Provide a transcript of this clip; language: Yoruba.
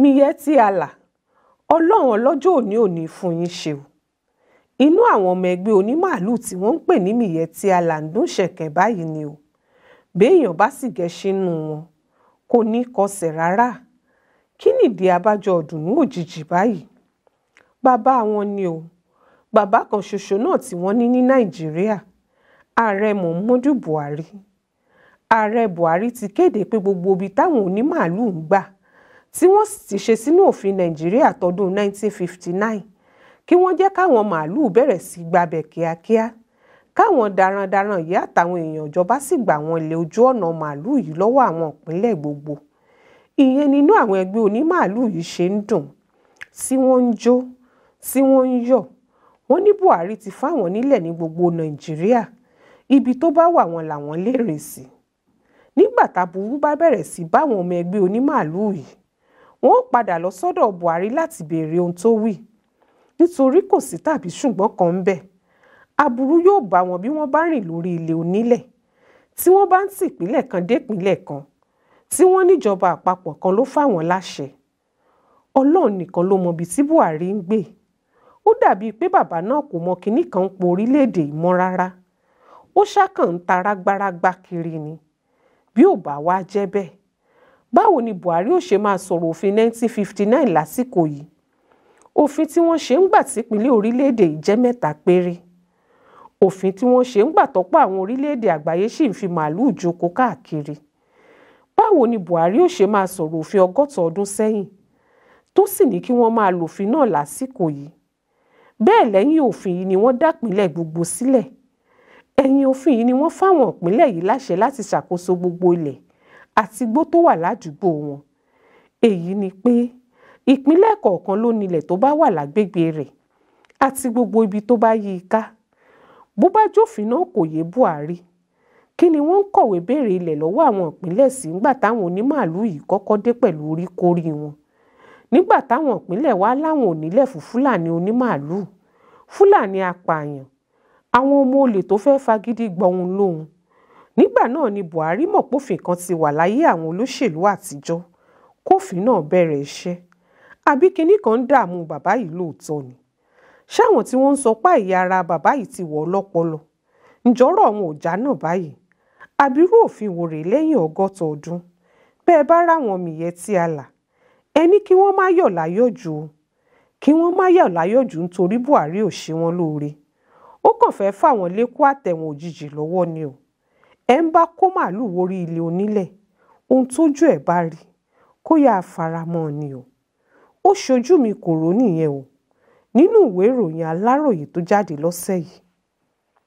miyetti allah ọlọ́run ọlọ́jọ́ òní òní fún yín ṣe o inú àwọn ọmọ ẹgbẹ́ onímàálùú tí wọ́n ń pè ní miyetti allah ń dún ṣẹ̀kẹ̀ báyìí ni o béèyàn bá sì gẹṣin nù wọn kò ní kọsẹ̀ rárá kí nìdí abájọ ọ̀dùnnú òjijì báyìí bàbá wọn ni o bàbá kan ṣoṣo náà tí wọ́n ní ní nàìjíríà ààrẹ muhammadu buhari ààrẹ buhari ti kéde pé gbogbo ibi táwọn onímàálùú ń gbà tí wọ́n sì ṣe sínú òfin nàìjíríà tọdún 1959 kí wọ́n jẹ́ káwọn màálùú bẹ̀rẹ̀ sí gbabẹ̀ kíákíá káwọn darandaran yìí àtàwọn èèyàn ìjọba sì gbà wọn lé ojú ọ̀nà màálùú yìí lọ́wọ́ àwọn ìpínlẹ̀ gbogbo ìyẹn nínú àwọn ẹgbẹ́ onímàálùú yìí ṣe ń dùn tí wọ́n ń jó tí wọ́n ń yọ̀ wọ́n ní Buhari ti fáwọn nílẹ̀ ní gbogbo Nàìjíríà ibi tó bá wà wọn làwọn lè rìn sí nígbà taburú bá bẹ̀rẹ̀ sí báwọn ọmọ ẹgbẹ́ onímàálùú yìí wọn ó padà lọ sọ́dọ̀ Buhari láti béèrè ohun tó wí nítorí kò sí tàbí ṣùgbọ́n kan ń bẹ aburú yóò bá wọn bí wọ́n bá rìn lórí ilẹ̀ onílẹ̀ tí wọ́n bá ń tìpínlẹ̀ kan dépínlẹ̀ kan tí wọ́n níjọba àpapọ̀ kan ló fáwọn láṣẹ Ọlọ́run nìkan ló mọ ibi tí Buhari ń gbé ó dàbíi pé bàbá náà kò mọ kinní kan ń po orílẹ̀-èdè mọ́ rárá ó ṣáà ń ta rágbárágbá kiri ni bí ò bá wá jẹ́ bẹ́ẹ̀ báwo ni Buhari ó ṣe máa sọ̀rọ̀ òfin 1959 lásìkò yìí òfin tí wọ́n ṣe ń gbà sípínlẹ̀ orílẹ̀-èdè yìí jẹ́ mẹ́ta péré òfin tí wọ́n ṣe ń gbà tọ́pọ̀ àwọn orílẹ̀-èdè àgbáyé sì ń fi màálùú jókòó káàkiri báwo ni Buhari ó ṣe máa sọ̀rọ̀ òfin ọgọ́ta ọdún sẹ́yìn tó sì ní kí wọ́n máa lòfin náà lásìkò yìí bẹ́ẹ̀ lẹ́yìn òfin yìí ni wọ́n dápínlẹ̀ gbogbo sílẹ̀ ẹ̀yìn òfin yìí ni wọ́n fáwọn ìpínlẹ̀ yìí láṣẹ láti ṣàkóso gbogbo ilẹ̀ àti igbó tó wà ládùúgbò wọn èyí ni pé ìpínlẹ̀ kọ̀ọ̀kan ló nílẹ̀ tó bá wà lágbègbè rẹ̀ àti gbogbo ibi tó bá yí i ká bó bá jófin náà kò yé Buhari kí ni wọ́n ń kọ̀wé béèrè ilẹ̀ lọ́wọ́ àwọn ìpínlẹ̀ sí nígbà táwọn onímàálù yìí kọ́kọ́ dé pẹ̀lú oríkórí wọn nígbà táwọn ìpínlẹ̀ wá láwọn onílẹ̀ fún Fúlàní onímàálù Fúlàní apààyàn àwọn ọmọ olè tó fẹ́ fagídí gbọ́hun lóhun nígbà náà ni buhari mọ̀ pófin kan ti wà láyé àwọn olóṣèlú àtijọ́ kófin náà bẹ̀rẹ̀ iṣẹ́ àbí kinní kan ń dààmú bàbá yìí lóòótọ́ ni ṣáwọn tí wọ́n ń sọ pá ìyá ara bàbá yìí ti wọ̀ ọlọ́pọlọ ǹjọ́rọ̀ àwọn òjá náà báyìí àbírú òfin wò rèé lẹ́yìn ọgọ́ta ọdún bẹ́ẹ̀ bá ráwọn mìyẹ́ tí a là ẹni kí wọ́n má yọ̀ láyọ̀jù o kí wọ́n má yọ̀ láyọ̀jù nítorí buhari ò ṣe wọ́n lóore ó kàn fẹ́ fà wọ́n àtẹ̀wọ̀n òjijì lọ́wọ́ ni o ẹ ń bá kó màálùú worí ilé onílẹ̀ ohun tójú ẹ̀ bá rí kó yá faramọ́ ni o ó ṣojú mi kò rò nìyẹn o nínú ìwé ìròyìn Aláròyé tó jáde lọ́sẹ̀ yìí